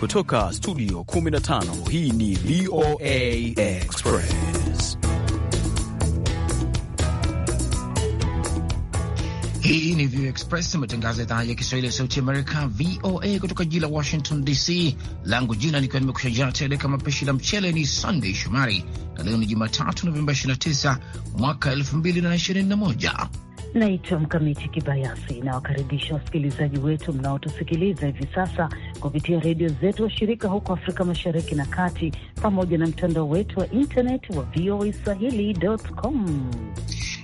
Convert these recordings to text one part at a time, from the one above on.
Kutoka studio 15 hii ni VOA Express. Hii ni VOA Express, matangazo ya idhaa ya Kiswahili ya sauti Amerika, VOA kutoka jiji la Washington DC. Langu jina nikiwa nimekushajaa tele kama pishi la mchele, ni Sunday Shomari, na leo ni Jumatatu Novemba 29 mwaka 2021. Naitwa Mkamiti Kibayasi, nawakaribisha wasikilizaji wetu mnaotusikiliza hivi sasa kupitia redio zetu washirika huko Afrika Mashariki na Kati, pamoja na mtandao wetu wa intaneti wa VOA Swahili.com.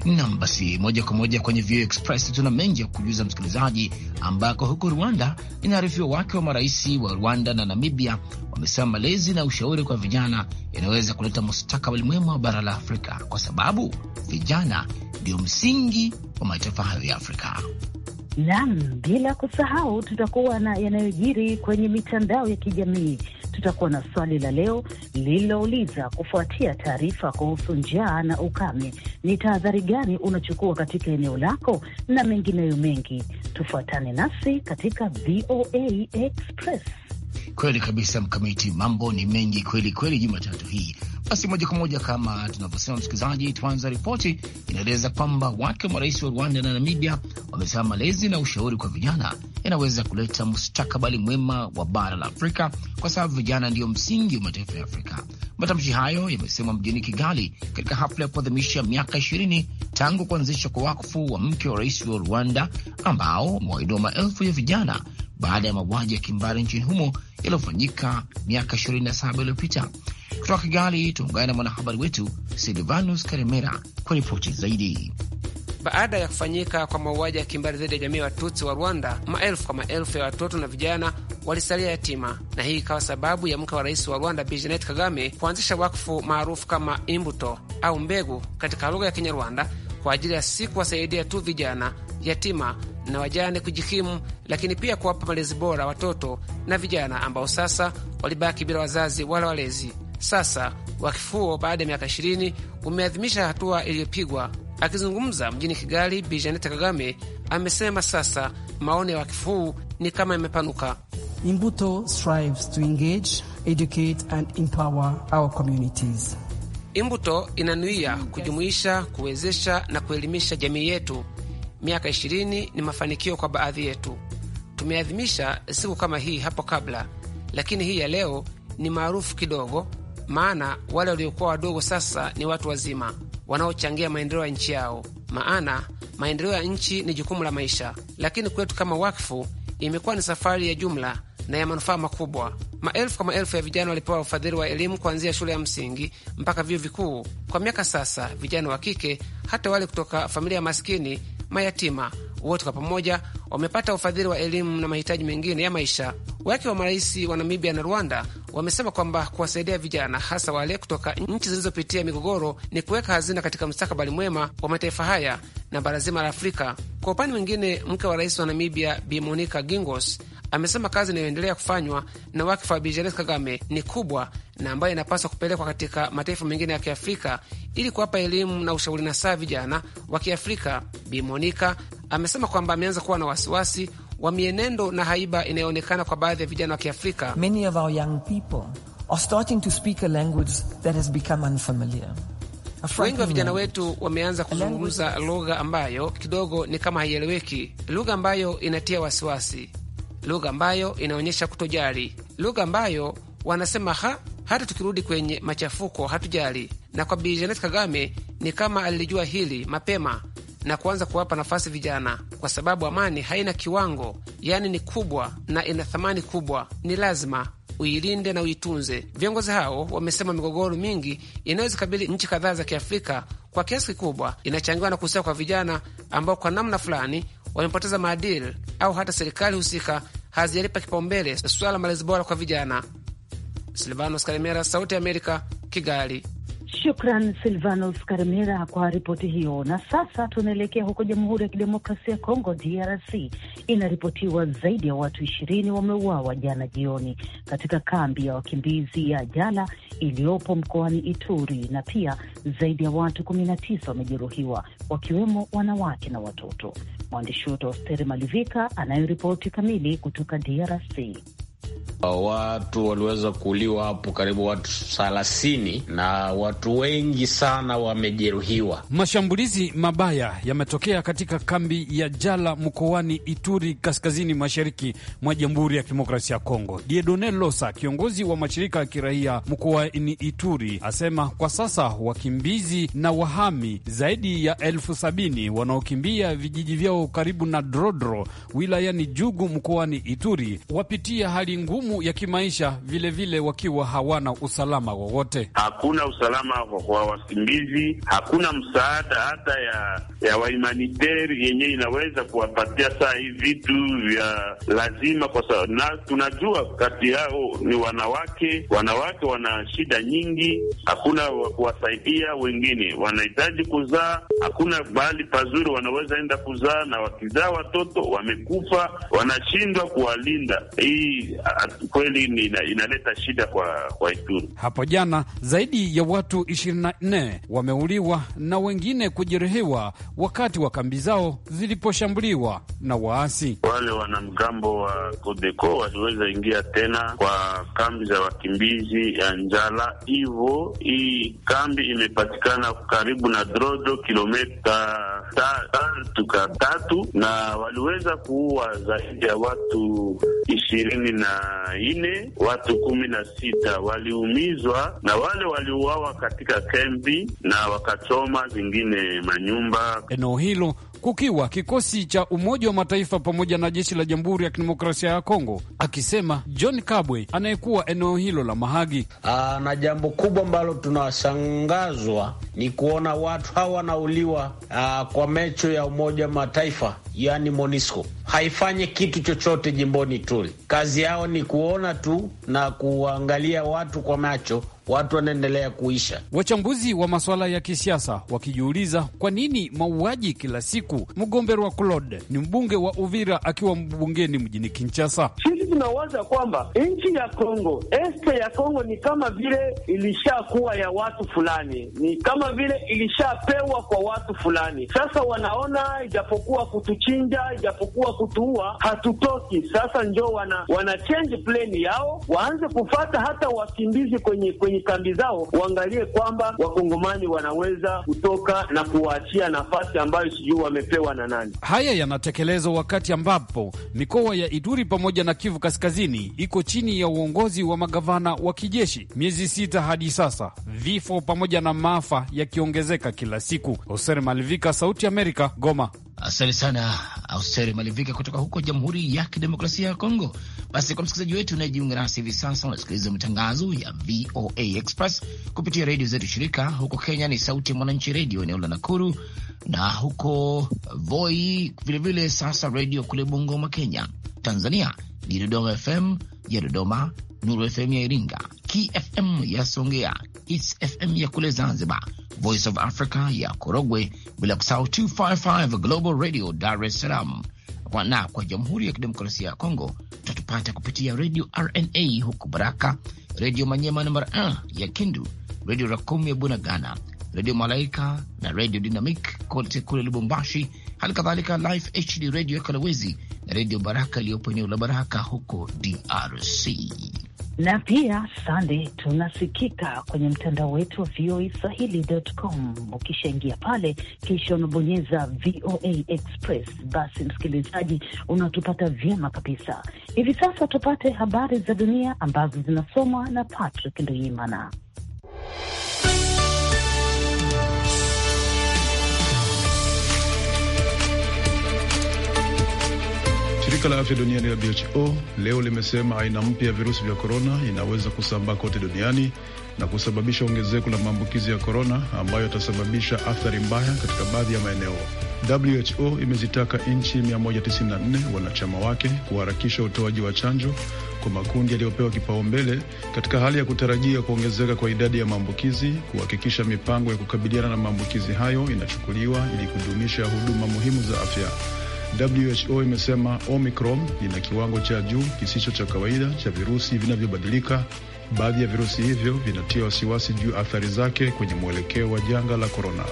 Nam, basi moja kwa moja kwenye VOA Express tuna mengi ya kujuza msikilizaji, ambako huko Rwanda inaarifiwa wake wa marais wa Rwanda na Namibia wamesema malezi na ushauri kwa vijana yanaweza kuleta mustakabali mwema wa bara la Afrika kwa sababu vijana ndio msingi wa mataifa hayo ya Afrika. Naam, bila kusahau tutakuwa na yanayojiri kwenye mitandao ya kijamii. Tutakuwa na swali la leo lililouliza kufuatia taarifa kuhusu njaa na ukame, ni tahadhari gani unachukua katika eneo lako na mengineyo mengi. Tufuatane nasi katika VOA Express. Kweli kabisa, Mkamiti, mambo ni mengi kweli kweli Jumatatu hii basi moja kwa moja kama tunavyosema, msikilizaji, tuanza ripoti inaeleza kwamba wake marais wa Rwanda na Namibia wamesema malezi na ushauri kwa vijana yanaweza kuleta mustakabali mwema wa bara la Afrika kwa sababu vijana ndiyo msingi wa mataifa ya Afrika. Matamshi hayo yamesemwa mjini Kigali katika hafla ya kuadhimisha miaka ishirini tangu kuanzishwa kwa wakfu wa mke wa rais wa Rwanda ambao umewainua maelfu ya vijana baada ya mauaji ya kimbari nchini humo yaliyofanyika miaka na saba iliyopita. Kutoka Kigali tuungane na mwanahabari wetu Silvanus Karemera kwa ripoti zaidi. Baada ya kufanyika kwa mauaji ya kimbari dhidi ya jamii ya Watutsi wa Rwanda, maelfu kwa maelfu ya watoto na vijana walisalia yatima, na hii ikawa sababu ya mke wa rais wa Rwanda Bi Kagame kuanzisha wakfu maarufu kama Imbuto au mbegu katika lugha ya Kinyarwanda kwa ajili ya si kuwasaidia tu vijana yatima na wajane kujikimu, lakini pia kuwapa malezi bora watoto na vijana ambao sasa walibaki bila wazazi wala walezi sasa wakfu huo baada ya miaka 20 umeadhimisha hatua iliyopigwa. Akizungumza mjini Kigali, Bi Janete Kagame amesema sasa maone ya wakfu huu ni kama yamepanuka. Imbuto strives to engage, educate and empower our communities. Imbuto inanuia kujumuisha, kuwezesha na kuelimisha jamii yetu. Miaka 20 ni mafanikio kwa baadhi yetu. Tumeadhimisha siku kama hii hapo kabla, lakini hii ya leo ni maarufu kidogo maana wale waliokuwa wadogo sasa ni watu wazima wanaochangia maendeleo ya nchi yao, maana maendeleo ya nchi ni jukumu la maisha. Lakini kwetu kama wakfu imekuwa ni safari ya jumla na ya manufaa makubwa. Maelfu kwa maelfu ya vijana walipewa ufadhili wa elimu kuanzia shule ya msingi mpaka vyuo vikuu. Kwa miaka sasa, vijana wa kike, hata wale kutoka familia maskini, mayatima wote kwa pamoja wamepata ufadhili wa elimu na mahitaji mengine ya maisha. Wake wa marais wa Namibia na Rwanda wamesema kwamba kuwasaidia vijana, hasa wale kutoka nchi zilizopitia migogoro, ni kuweka hazina katika mustakabali mwema wa mataifa haya na bara zima la Afrika. Kwa upande mwingine, mke wa rais wa Namibia Bi Monica Gingos amesema kazi inayoendelea kufanywa na wakfu wa Bigeles Kagame ni kubwa na ambayo inapaswa kupelekwa katika mataifa mengine ya Kiafrika ili kuwapa elimu na ushauri saa vijana wa Kiafrika. Bi Monica amesema kwamba ameanza kuwa na wasiwasi wa mienendo na haiba inayoonekana kwa baadhi ya vijana wa Kiafrika. Many of our young people are starting to speak a language that has become unfamiliar. Wengi wa vijana wetu wameanza kuzungumza lugha ambayo kidogo ni kama haieleweki, lugha ambayo inatia wasiwasi lugha ambayo inaonyesha kutojali, lugha ambayo wanasema ha hata tukirudi kwenye machafuko hatujali. Na kwa Bi Janet Kagame ni kama alilijua hili mapema na kuanza kuwapa nafasi vijana, kwa sababu amani haina kiwango, yaani ni kubwa na ina thamani kubwa, ni lazima uilinde na uitunze. Viongozi hao wamesema migogoro mingi inayozikabili nchi kadhaa za Kiafrika kwa kiasi kikubwa inachangiwa na kukosewa kwa vijana ambao kwa namna fulani wamepoteza maadili au hata serikali husika hazijalipa kipaumbele swala la malezi bora kwa vijana. Silvanos Karemera, Sauti ya Amerika, Kigali. Shukran Silvanos Karemera kwa ripoti hiyo. Na sasa tunaelekea huko Jamhuri ya Kidemokrasia ya Kongo, DRC. Inaripotiwa zaidi ya watu ishirini wameuawa jana jioni katika kambi ya wakimbizi ya Jala iliyopo mkoani Ituri, na pia zaidi ya watu kumi na tisa wamejeruhiwa wakiwemo wanawake na watoto. Mwandishi wetu Austeri Malivika anayoripoti kamili kutoka DRC. Uh, watu waliweza kuuliwa hapo karibu watu thelathini na watu wengi sana wamejeruhiwa. Mashambulizi mabaya yametokea katika kambi ya Jala mkoani Ituri, kaskazini mashariki mwa Jamhuri ya Kidemokrasia ya Kongo. Diedone Losa, kiongozi wa mashirika ya kiraia mkoani Ituri, asema kwa sasa wakimbizi na wahami zaidi ya elfu sabini wanaokimbia vijiji vyao karibu na Drodro wilayani Jugu mkoani Ituri wapitia hali ngumu magumu ya kimaisha, vilevile vile wakiwa hawana usalama wowote. Hakuna usalama wa wakimbizi, hakuna msaada hata ya, ya wahumanitari yenye inaweza kuwapatia saa hii vitu vya lazima, kwa sababu na tunajua kati yao ni wanawake. Wanawake wana shida nyingi, hakuna kuwasaidia. Wengine wanahitaji kuzaa, hakuna mahali pazuri wanaweza enda kuzaa, na wakizaa watoto wamekufa, wanashindwa kuwalinda. Hii kweli ina, inaleta shida kwa, kwa Ituri. Hapo jana zaidi ya watu 24 wameuliwa na wengine kujeruhiwa wakati wa kambi zao ziliposhambuliwa na waasi. Wale wanamgambo wa Kodeko waliweza ingia tena kwa kambi za wakimbizi ya Njala, hivyo hii kambi imepatikana karibu na Drodo, kilometa tatu ka tatu, na waliweza kuua zaidi ya watu ishirini na nne watu kumi na sita waliumizwa na wale waliuawa katika kembi na wakachoma zingine manyumba eneo hilo kukiwa kikosi cha Umoja wa Mataifa pamoja na jeshi la Jamhuri ya Kidemokrasia ya Kongo, akisema John Kabwe anayekuwa eneo hilo la Mahagi. Aa, ah, na jambo kubwa ambalo tunashangazwa ni kuona watu hawa wanauliwa ah, kwa mecho ya Umoja wa Mataifa yani MONISCO haifanyi kitu chochote jimboni Ituri. Kazi yao ni kuona tu na kuangalia watu kwa macho, watu wanaendelea kuisha. Wachambuzi wa masuala ya kisiasa wakijiuliza kwa nini mauaji kila siku. wa Claude ni mbunge wa Uvira akiwa mbungeni mjini Kinshasa. Sisi tunawaza kwamba nchi ya Kongo, este ya Kongo ni kama vile ilishakuwa ya watu fulani, ni kama vile ilishapewa kwa watu fulani. Sasa wanaona ijapokuwa kutu kutuchinja, ijapokuwa kutuua hatutoki. Sasa njo wana, wana change plan yao, waanze kufata hata wakimbizi kwenye kwenye kambi zao, waangalie kwamba wakongomani wanaweza kutoka na kuwaachia nafasi ambayo sijui wamepewa na nani. Haya yanatekelezwa wakati ambapo mikoa ya Ituri pamoja na Kivu Kaskazini iko chini ya uongozi wa magavana wa kijeshi. Miezi sita hadi sasa, vifo pamoja na maafa yakiongezeka kila siku. Hoser Malvika, Sauti Amerika, Goma. Asante sana Austeri Malivika kutoka huko Jamhuri ya Kidemokrasia ya Kongo. Basi kwa msikilizaji wetu unayejiunga nasi hivi sasa, unasikiliza matangazo ya VOA Express kupitia redio zetu shirika. Huko Kenya ni Sauti ya Mwananchi redio eneo la Nakuru, na huko Voi vilevile, Sasa redio kule Bungoma, Kenya. Tanzania ni Dodoma FM ya Dodoma, Nuru FM ya Iringa, KFM ya Songea, East FM ya kule Zanzibar, Voice of Africa ya Korogwe, bila kusahau 255 Global Radio Dar es Salaam na kwa Jamhuri ya Kidemokrasia ya Kongo tutapata kupitia redio RNA huku Baraka, redio Manyema namba ya Kindu, redio Rakum ya Bunagana, redio Malaika na redio Dynamic kote kule Lubumbashi hali kadhalika Live HD redio ya Kalawezi na redio Baraka iliyopo eneo la Baraka huko DRC na pia Sande, tunasikika kwenye mtandao wetu wa VOA Swahili.com. Ukishaingia pale, kisha unabonyeza VOA Express, basi msikilizaji, unatupata vyema kabisa. Hivi sasa tupate habari za dunia ambazo zinasomwa na Patrick Nduimana. Shirika la afya duniani la WHO leo limesema aina mpya ya virusi vya korona inaweza kusambaa kote duniani na kusababisha ongezeko la maambukizi ya korona ambayo yatasababisha athari mbaya katika baadhi ya maeneo. WHO imezitaka nchi 194 wanachama wake kuharakisha utoaji wa chanjo kwa makundi yaliyopewa kipaumbele katika hali ya kutarajia kuongezeka kwa idadi ya maambukizi, kuhakikisha mipango ya kukabiliana na maambukizi hayo inachukuliwa ili kudumisha huduma muhimu za afya. WHO imesema Omicron ina kiwango cha juu kisicho cha kawaida cha virusi vinavyobadilika. Baadhi ya virusi hivyo vinatia wasiwasi juu athari zake kwenye mwelekeo wa janga la korona.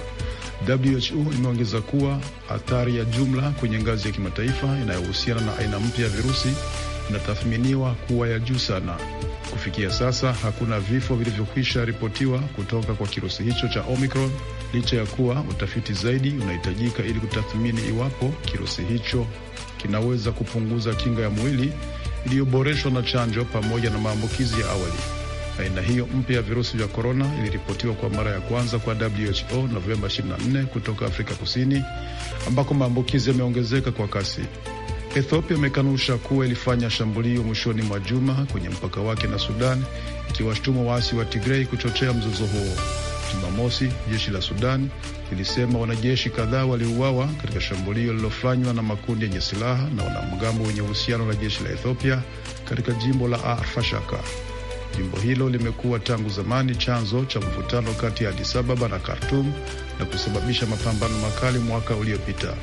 WHO imeongeza kuwa athari ya jumla kwenye ngazi ya kimataifa inayohusiana na aina mpya ya virusi inatathminiwa kuwa ya juu sana. Kufikia sasa hakuna vifo vilivyokwisha ripotiwa kutoka kwa kirusi hicho cha Omicron licha ya kuwa utafiti zaidi unahitajika ili kutathmini iwapo kirusi hicho kinaweza kupunguza kinga ya mwili iliyoboreshwa na chanjo pamoja na maambukizi ya awali. Aina hiyo mpya ya virusi vya korona iliripotiwa kwa mara ya kwanza kwa WHO Novemba 24 kutoka Afrika Kusini, ambako maambukizi yameongezeka kwa kasi. Ethiopia imekanusha kuwa ilifanya shambulio mwishoni mwa juma kwenye mpaka wake na Sudan, ikiwashtumu waasi wa Tigrei kuchochea mzozo huo. Jumamosi, jeshi la Sudani lilisema wanajeshi kadhaa waliuawa katika shambulio lililofanywa na makundi yenye silaha na wanamgambo wenye uhusiano na jeshi la Ethiopia katika jimbo la Afashaka. Jimbo hilo limekuwa tangu zamani chanzo cha mvutano kati ya Addis Ababa na Khartoum na kusababisha mapambano makali mwaka uliopita.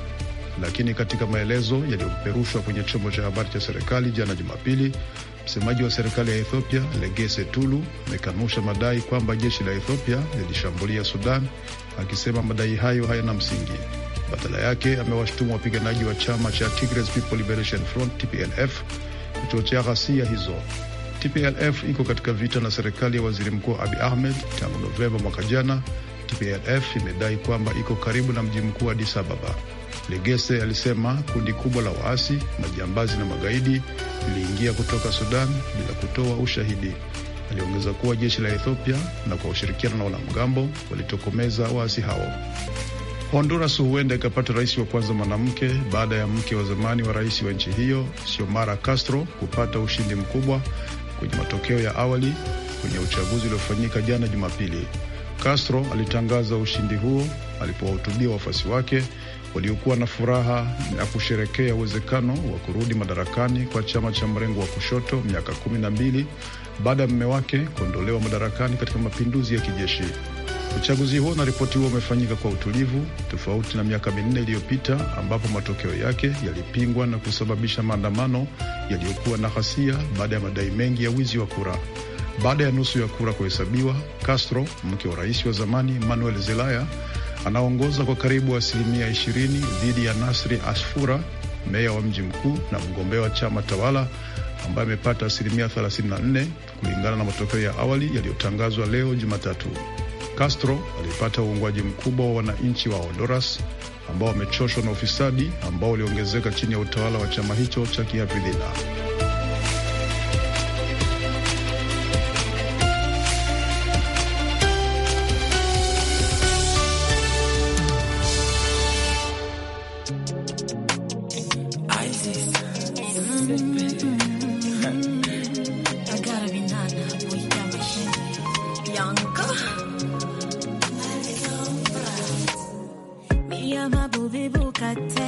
Lakini katika maelezo yaliyopeperushwa kwenye chombo cha habari cha serikali jana Jumapili, Msemaji wa serikali ya Ethiopia Legese Tulu amekanusha madai kwamba jeshi la Ethiopia lilishambulia Sudan, akisema madai hayo hayana msingi. Badala yake amewashutumu wapiganaji wa chama cha Tigray People Liberation Front TPLF kuchochea ghasia hizo. TPLF iko katika vita na serikali ya waziri mkuu Abi Ahmed tangu Novemba mwaka jana. TPLF imedai kwamba iko karibu na mji mkuu Addis Ababa. Legese alisema kundi kubwa la waasi, majambazi na magaidi liliingia kutoka Sudan bila kutoa ushahidi. Aliongeza kuwa jeshi la Ethiopia na kwa ushirikiano na wanamgambo walitokomeza waasi hao. Honduras huenda ikapata rais wa kwanza mwanamke baada ya mke wa zamani wa rais wa nchi hiyo Xiomara Castro kupata ushindi mkubwa kwenye matokeo ya awali kwenye uchaguzi uliofanyika jana Jumapili. Castro alitangaza ushindi huo alipowahutubia wafuasi wake waliokuwa na furaha na kusherekea uwezekano wa kurudi madarakani kwa chama cha mrengo wa kushoto miaka kumi na mbili baada ya mume wake kuondolewa madarakani katika mapinduzi ya kijeshi. Uchaguzi huo unaripotiwa umefanyika kwa utulivu, tofauti na miaka minne iliyopita ambapo matokeo yake yalipingwa na kusababisha maandamano yaliyokuwa na ghasia baada ya madai mengi ya wizi wa kura. Baada ya nusu ya kura kuhesabiwa, Castro, mke wa rais wa zamani Manuel Zelaya, anaongoza kwa karibu asilimia 20 dhidi ya Nasri Asfura, meya wa mji mkuu na mgombea wa chama tawala ambaye amepata asilimia 34 kulingana na matokeo ya awali yaliyotangazwa leo Jumatatu. Castro alipata uungwaji mkubwa wa wananchi wa Honduras ambao wamechoshwa na ufisadi ambao uliongezeka chini ya utawala wa chama hicho cha kihafidhina. But.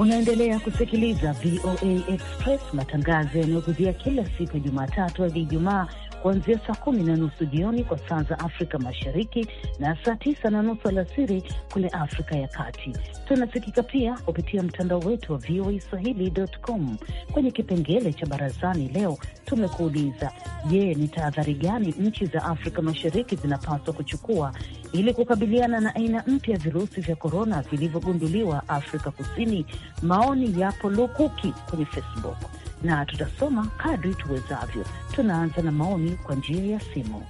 Unaendelea kusikiliza VOA Express, matangazo yanayokujia kila siku ya Jumatatu hadi Ijumaa kuanzia saa kumi na nusu jioni kwa saa za Afrika Mashariki na saa tisa na nusu alasiri kule Afrika ya Kati. Tunasikika pia kupitia mtandao wetu wa VOA Swahili.com. Kwenye kipengele cha barazani leo tumekuuliza, je, ni tahadhari gani nchi za Afrika Mashariki zinapaswa kuchukua ili kukabiliana na aina mpya ya virusi vya korona vilivyogunduliwa Afrika Kusini? Maoni yapo lukuki kwenye Facebook na tutasoma kadri tuwezavyo. Tunaanza na maoni kwa njia ya simu.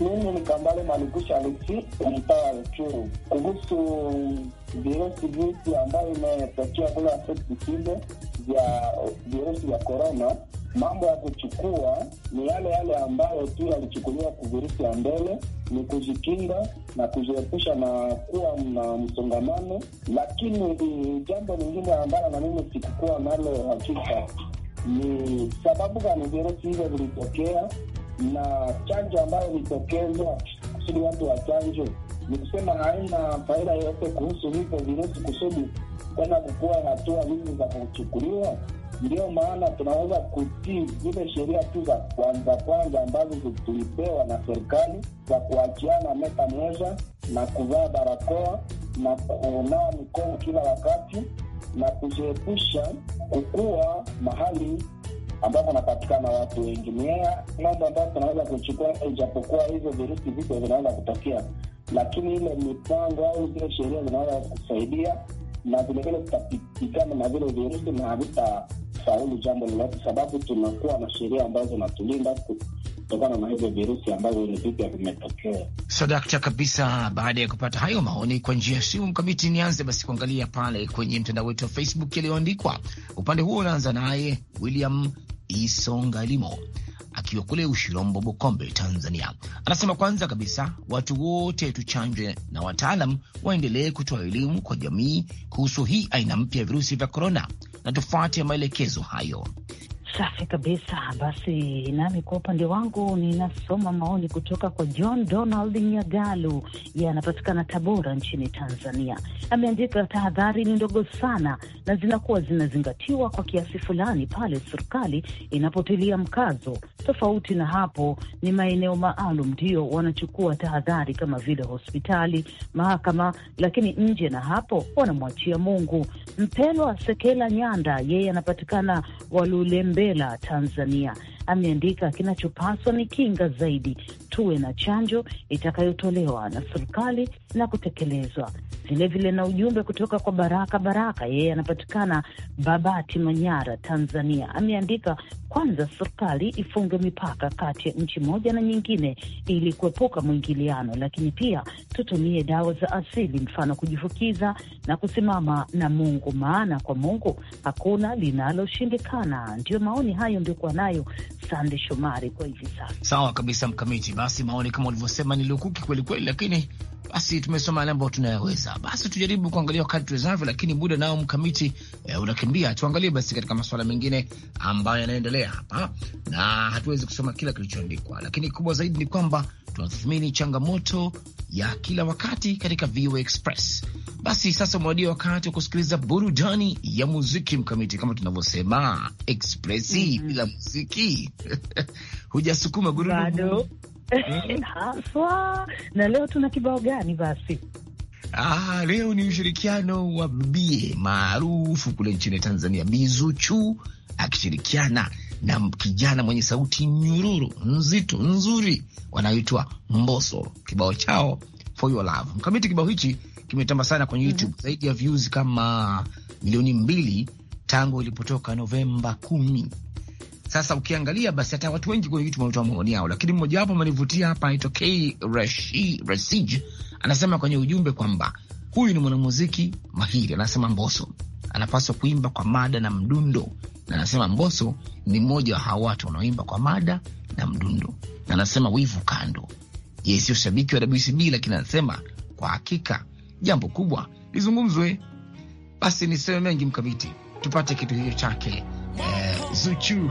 Mimi ni Kambale Malikusha Alexi mtaa Ruchuru, kuhusu virusi vipya ambayo imetokea kule Afetikile vya virusi vya korona. Mambo ya kuchukua ni yale yale ambayo tu yalichukuliwa ku virusi ya mbele, ni kujikinga na kujiepusha na kuwa na msongamano. Lakini eh, jambo lingine ambalo na mimi sikukuwa nalo hakika ni sababu za virusi hivyo vilitokea, na chanjo ambayo ilitokezwa kusudi watu wa chanjo ni kusema haina faida yoyote kuhusu hivyo virusi kusudi kwenda kukuwa hatua hizi za kuchukuliwa. Ndiyo maana tunaweza kutii zile sheria tu za kwanza kwanza ambazo tulipewa na serikali za kuachiana meta moja na kuvaa barakoa na kunawa mikono kila wakati na kujiepusha kukua mahali ambapo wanapatikana watu wengi. Ni mambo ambayo tunaweza kuchukua, ijapokuwa hizo virusi vipya vinaweza kutokea, lakini ile mipango au zile sheria zinaweza kusaidia, na vilevile tutapitikana na vile virusi na havitafaulu jambo lolote, sababu tunakuwa na sheria ambazo zinatulinda kutokana na hivyo virusi ambavyo ni vipya vimetokea. So dakta kabisa, baada ya kupata hayo maoni kwa njia ya simu, Mkamiti, nianze basi kuangalia pale kwenye mtandao wetu wa Facebook yaliyoandikwa. Upande huo unaanza naye William Isongalimo akiwa kule Ushirombo, Bukombe, Tanzania, anasema kwanza kabisa watu wote tuchanjwe na wataalam waendelee kutoa elimu kwa jamii kuhusu hii aina mpya ya virusi vya korona na tufuate maelekezo hayo. Safi kabisa. Basi nami kwa upande wangu ninasoma maoni kutoka kwa John Donald Nyagalu, yanapatikana Tabora nchini Tanzania. Ameandika, tahadhari ni ndogo sana na zinakuwa zinazingatiwa kwa kiasi fulani pale serikali inapotilia mkazo. Tofauti na hapo, ni maeneo maalum ndio wanachukua tahadhari kama vile hospitali, mahakama, lakini nje na hapo wanamwachia Mungu. Mpelwa Sekela Nyanda, yeye anapatikana Walulembe Mbela, Tanzania, ameandika kinachopaswa ni kinga zaidi, tuwe na chanjo itakayotolewa na serikali na kutekelezwa vilevile vile na ujumbe kutoka kwa Baraka Baraka, yeye anapatikana Babati, Manyara, Tanzania. Ameandika, kwanza serikali ifunge mipaka kati ya nchi moja na nyingine ili kuepuka mwingiliano, lakini pia tutumie dawa za asili, mfano kujifukiza na kusimama na Mungu, maana kwa Mungu hakuna linaloshindikana. Ndiyo maoni hayo ndiokuwa nayo Sande Shomari kwa hivi sasa. Sawa kabisa, Mkamiti. Basi maoni kama ulivyosema ni lukuki kwelikweli, lakini basi tumesoma yale ambayo tunayaweza, basi tujaribu kuangalia wakati tuwezavyo, lakini muda nao mkamiti e, unakimbia. Tuangalie basi katika masuala mengine ambayo yanaendelea hapa, na hatuwezi kusoma kila kilichoandikwa, lakini kubwa zaidi ni kwamba tunatathmini changamoto ya kila wakati katika VOA Express. Basi sasa umewadia wakati wa kusikiliza burudani ya muziki mkamiti, kama tunavyosema expressi mm -hmm. muziki hujasukuma gurudumu Mm-hmm. haswa. Na leo tuna kibao gani basi? Ah, leo ni ushirikiano wa bie maarufu kule nchini Tanzania, Bizuchu akishirikiana na kijana mwenye sauti nyururu nzito nzuri wanaitwa Mboso, kibao chao For Your Love. Mkamiti, kibao hichi kimetamba sana kwenye mm-hmm. YouTube, zaidi ya views kama milioni mbili tangu ilipotoka Novemba kumi sasa ukiangalia basi hata watu wengi kwenye YouTube wanatoa maoni yao, lakini mmojawapo amenivutia hapa anaitwa K Rashi Rasij, anasema kwenye ujumbe kwamba huyu ni mwanamuziki mahiri, anasema Mboso anapaswa kuimba kwa mada na mdundo, na anasema Mboso ni mmoja wa hawa watu wanaoimba kwa mada na mdundo, na anasema wivu kando. Yeye sio shabiki wa WCB, lakini anasema kwa hakika jambo kubwa lizungumzwe. Basi niseme mengi mkabiti, tupate kitu hicho chake eh, Zuchu.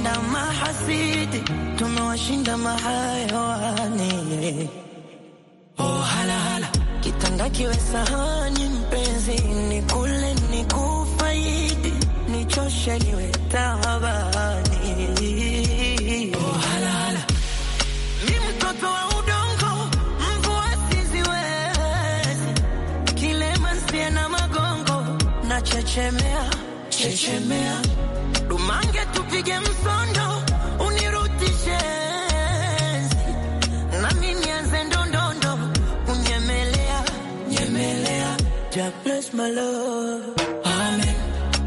tumewashinda mahasidi, tumewashinda mahayawani. Oh, hala, hala. Kitanda kiwe sahani, mpenzi ni kule ni kufaidi, nichoshe Oh, hala, hala. Ni mtoto wa udongo mvuasiziwezi kilemansia na magongo na chechemea chechemea nipige msondo unirutishe nami nianze ndondondo kunyemelea nyemelea ja bless my love amen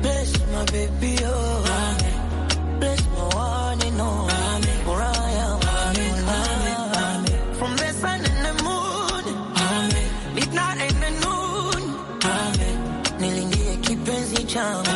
bless my baby oh amen bless my one and all kipenzi changu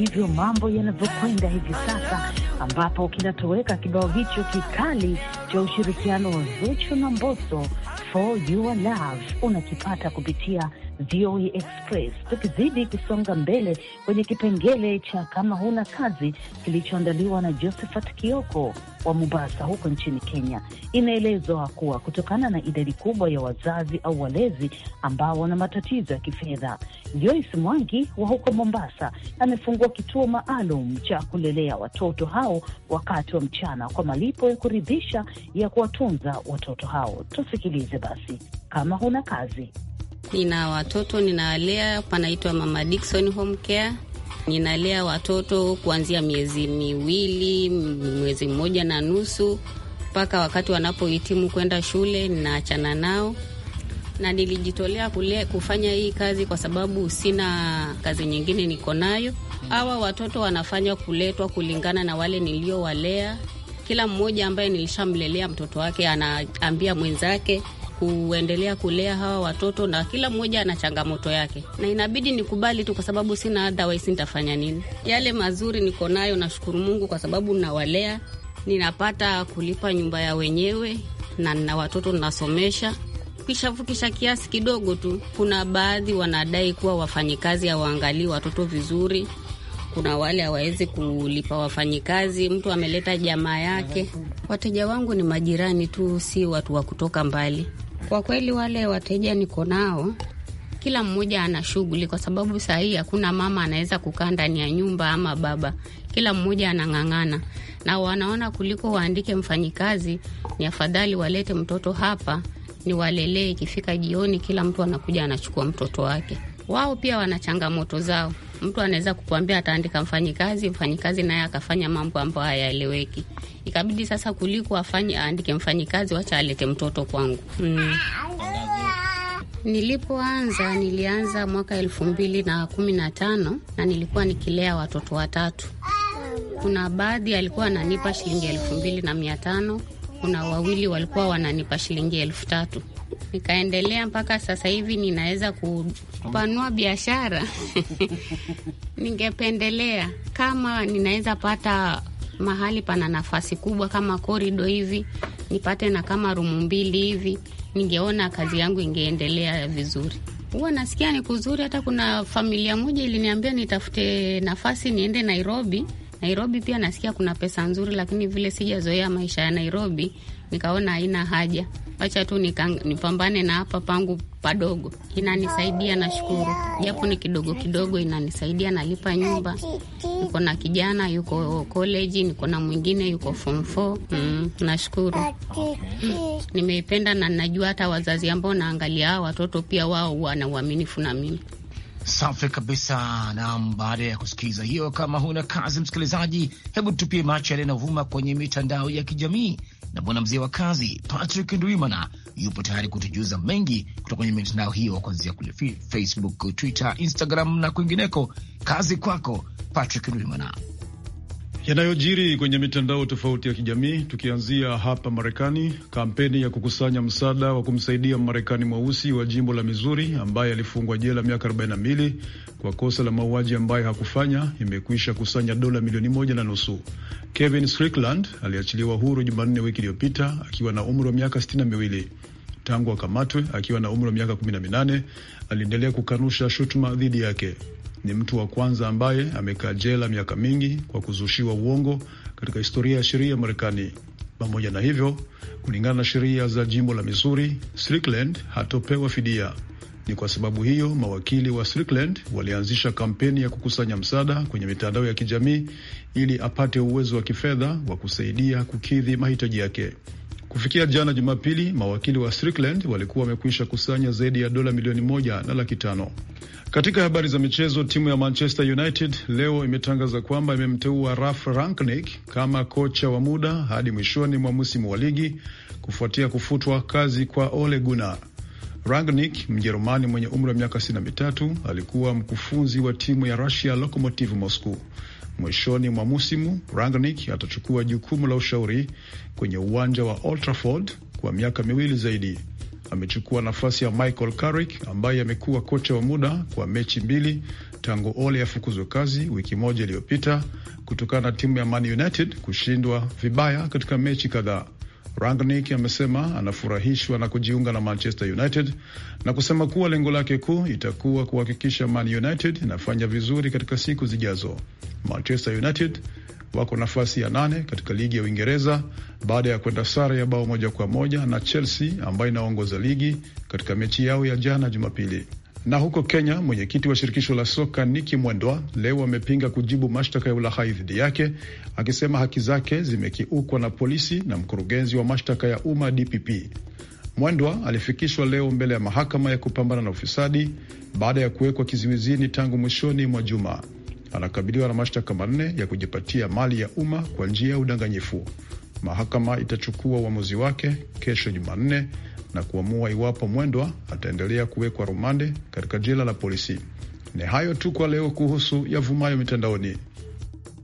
ndivyo mambo yanavyokwenda hivi sasa, ambapo kinatoweka kibao hicho kikali cha ushirikiano wa Zuchu na mboso For Your Love, unakipata kupitia VOA e Express tukizidi kusonga mbele kwenye kipengele cha kama huna kazi kilichoandaliwa na Josephat Kioko wa Mombasa huko nchini Kenya. Inaelezwa kuwa kutokana na idadi kubwa ya wazazi au walezi ambao wana matatizo ya kifedha, Joyce Mwangi wa huko Mombasa amefungua kituo maalum cha kulelea watoto hao wakati wa mchana kwa malipo ya kuridhisha ya kuwatunza watoto hao. Tusikilize basi. Kama huna kazi Nina watoto ninawalea, panaitwa Mama Dickson Home Care. Ninalea watoto kuanzia miezi miwili, mwezi mmoja na nusu mpaka wakati wanapohitimu kwenda shule, ninaachana nao na nilijitolea kule kufanya hii kazi kwa sababu sina kazi nyingine niko nayo. Hawa watoto wanafanya kuletwa kulingana na wale niliowalea. Kila mmoja ambaye nilishamlelea mtoto wake anaambia mwenzake kuendelea kulea hawa watoto, na kila mmoja ana changamoto yake, na inabidi nikubali tu, kwa sababu sina otherwise nitafanya nini? Yale mazuri niko nayo, nashukuru Mungu kwa sababu nawalea, ninapata kulipa nyumba ya wenyewe na nina watoto nasomesha Ukishavukisha kiasi kidogo tu, kuna baadhi wanadai kuwa wafanyikazi hawaangalii watoto vizuri. Kuna wale hawawezi kulipa wafanyikazi, mtu ameleta jamaa yake. Wateja wangu ni majirani tu, si watu wa kutoka mbali. Kwa kweli wale wateja niko nao kila mmoja ana shughuli, kwa sababu saa hii hakuna mama anaweza kukaa ndani ya nyumba ama baba, kila mmoja anang'ang'ana, na wanaona kuliko waandike mfanyikazi, ni afadhali walete mtoto hapa, ni walelee. Ikifika jioni, kila mtu anakuja anachukua mtoto wake wao pia wana changamoto zao. Mtu anaweza kukuambia ataandika mfanyikazi, mfanyikazi naye akafanya mambo ambayo hayaeleweki, ikabidi sasa kuliko afanye aandike mfanyikazi, wacha alete mtoto kwangu mm. Nilipoanza nilianza mwaka elfu mbili na kumi na tano na nilikuwa nikilea watoto watatu. Kuna baadhi alikuwa ananipa shilingi elfu mbili na mia tano kuna wawili walikuwa wananipa shilingi elfu tatu nikaendelea mpaka sasa hivi ninaweza kupanua biashara ningependelea kama ninaweza pata mahali pana nafasi kubwa kama korido hivi nipate na kama rumu mbili hivi, ningeona kazi yangu ingeendelea vizuri. Huwa nasikia ni kuzuri. Hata kuna familia moja iliniambia nitafute nafasi niende Nairobi Nairobi pia nasikia kuna pesa nzuri, lakini vile sijazoea maisha ya Nairobi nikaona haina haja, wacha tu nipambane na hapa pangu padogo. Inanisaidia, nashukuru, japo ni kidogo kidogo, inanisaidia. Nalipa nyumba, niko na kijana yuko college, niko na mwingine yuko form four. Mm, nashukuru. Mm, nimeipenda na najua hata wazazi ambao naangalia hao watoto pia wao wana uaminifu na mimi. Safi kabisa. Naam, baada ya kusikiza hiyo, kama huna kazi msikilizaji, hebu tupie macho yale yanayovuma kwenye mitandao ya kijamii, na bwana mzee wa kazi Patrick Ndwimana yupo tayari kutujuza mengi kutoka kwenye mitandao hiyo, kuanzia kule Facebook, Twitter, Instagram na kwingineko. Kazi kwako Patrick Ndwimana yanayojiri kwenye mitandao tofauti ya kijamii. Tukianzia hapa Marekani, kampeni ya kukusanya msaada wa kumsaidia marekani mweusi wa jimbo la Mizuri ambaye alifungwa jela miaka 42 kwa kosa la mauaji ambayo hakufanya imekwisha kusanya dola milioni moja na nusu. Kevin Strickland aliachiliwa huru Jumanne wiki iliyopita akiwa na umri wa miaka sitini na miwili. Tangu akamatwe akiwa na umri wa miaka 18, aliendelea kukanusha shutuma dhidi yake. Ni mtu wa kwanza ambaye amekaa jela miaka mingi kwa kuzushiwa uongo katika historia ya sheria ya Marekani. Pamoja na hivyo, kulingana na sheria za jimbo la Missouri, Strickland hatopewa fidia. Ni kwa sababu hiyo mawakili wa Strickland walianzisha kampeni ya kukusanya msaada kwenye mitandao ya kijamii ili apate uwezo wa kifedha wa kusaidia kukidhi mahitaji yake. Kufikia jana Jumapili, mawakili wa Strickland walikuwa wamekwisha kusanya zaidi ya dola milioni moja na laki tano. Katika habari za michezo, timu ya Manchester United leo imetangaza kwamba imemteua Ralf Rangnick kama kocha wa muda hadi mwishoni mwa msimu wa ligi kufuatia kufutwa kazi kwa Ole Gunnar. Rangnick, Mjerumani mwenye umri wa miaka 63, mitatu, alikuwa mkufunzi wa timu ya Russia Lokomotiv Moscow. Mwishoni mwa musimu, Rangnick atachukua jukumu la ushauri kwenye uwanja wa Old Trafford kwa miaka miwili zaidi. Amechukua nafasi ya Michael Carrick ambaye amekuwa kocha wa muda kwa mechi mbili tangu Ole afukuzwe kazi wiki moja iliyopita kutokana na timu ya Man United kushindwa vibaya katika mechi kadhaa. Rangnick amesema anafurahishwa na kujiunga na Manchester United na kusema kuwa lengo lake kuu itakuwa kuhakikisha Man United inafanya vizuri katika siku zijazo. Manchester United wako nafasi ya nane katika ligi ya Uingereza baada ya kwenda sare ya bao moja kwa moja na Chelsea ambayo inaongoza ligi katika mechi yao ya jana Jumapili. Na huko Kenya, mwenyekiti wa shirikisho la soka Niki Mwendwa leo amepinga kujibu mashtaka ya ulaghai dhidi yake, akisema haki zake zimekiukwa na polisi na mkurugenzi wa mashtaka ya umma DPP. Mwendwa alifikishwa leo mbele ya mahakama ya kupambana na ufisadi baada ya kuwekwa kizuizini tangu mwishoni mwa juma. Anakabiliwa na mashtaka manne ya kujipatia mali ya umma kwa njia ya udanganyifu. Mahakama itachukua uamuzi wake kesho Jumanne na kuamua iwapo mwendwa ataendelea kuwekwa rumande katika jela la polisi. Ni hayo tu kwa leo kuhusu yavumayo mitandaoni.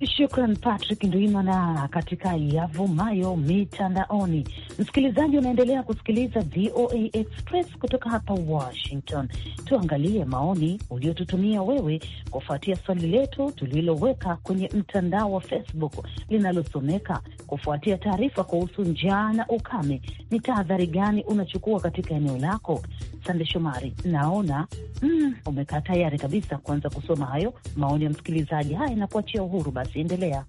Shukran Patrick Ndwimana katika yavumayo mitandaoni. Msikilizaji, unaendelea kusikiliza VOA Express kutoka hapa Washington. Tuangalie maoni uliotutumia wewe kufuatia swali letu tuliloweka kwenye mtandao wa Facebook linalosomeka kufuatia taarifa kuhusu njaa na ukame, ni tahadhari gani unachukua katika eneo lako? Sande Shomari, naona mm, umekaa tayari kabisa kuanza kusoma hayo maoni ya msikilizaji. Haya, nakuachia uhuru basi endelea.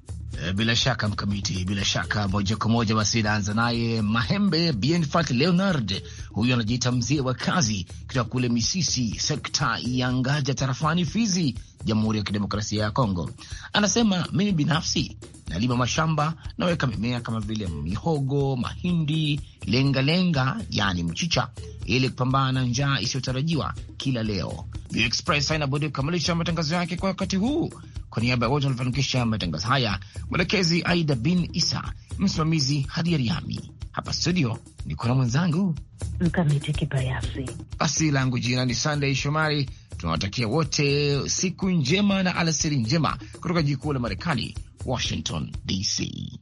Eh, bila shaka Mkamiti, bila shaka moja kwa moja basi naanza naye Mahembe Bienfat Leonard, huyu anajiita mzee wa kazi kutoka kule Misisi, sekta ya Ngaja, tarafani Fizi, Jamhuri ya Kidemokrasia ya Kongo. Anasema mimi binafsi nalima mashamba, naweka mimea kama vile mihogo, mahindi, lengalenga, yani mchicha, ili kupambana na njaa isiyotarajiwa kila leo. Vio Express haina budi kukamilisha matangazo yake kwa wakati huu. Kwa niaba ya wote walifanikisha matangazo haya, mwelekezi Aida bin Isa, msimamizi Hadi Hapa studio niko na mwenzangu Mkamiti Kibayasi. Basi langu jina ni Sandey Shomari. Tunawatakia wote siku njema na alasiri njema kutoka jikuu la Marekani. Washington, D.C.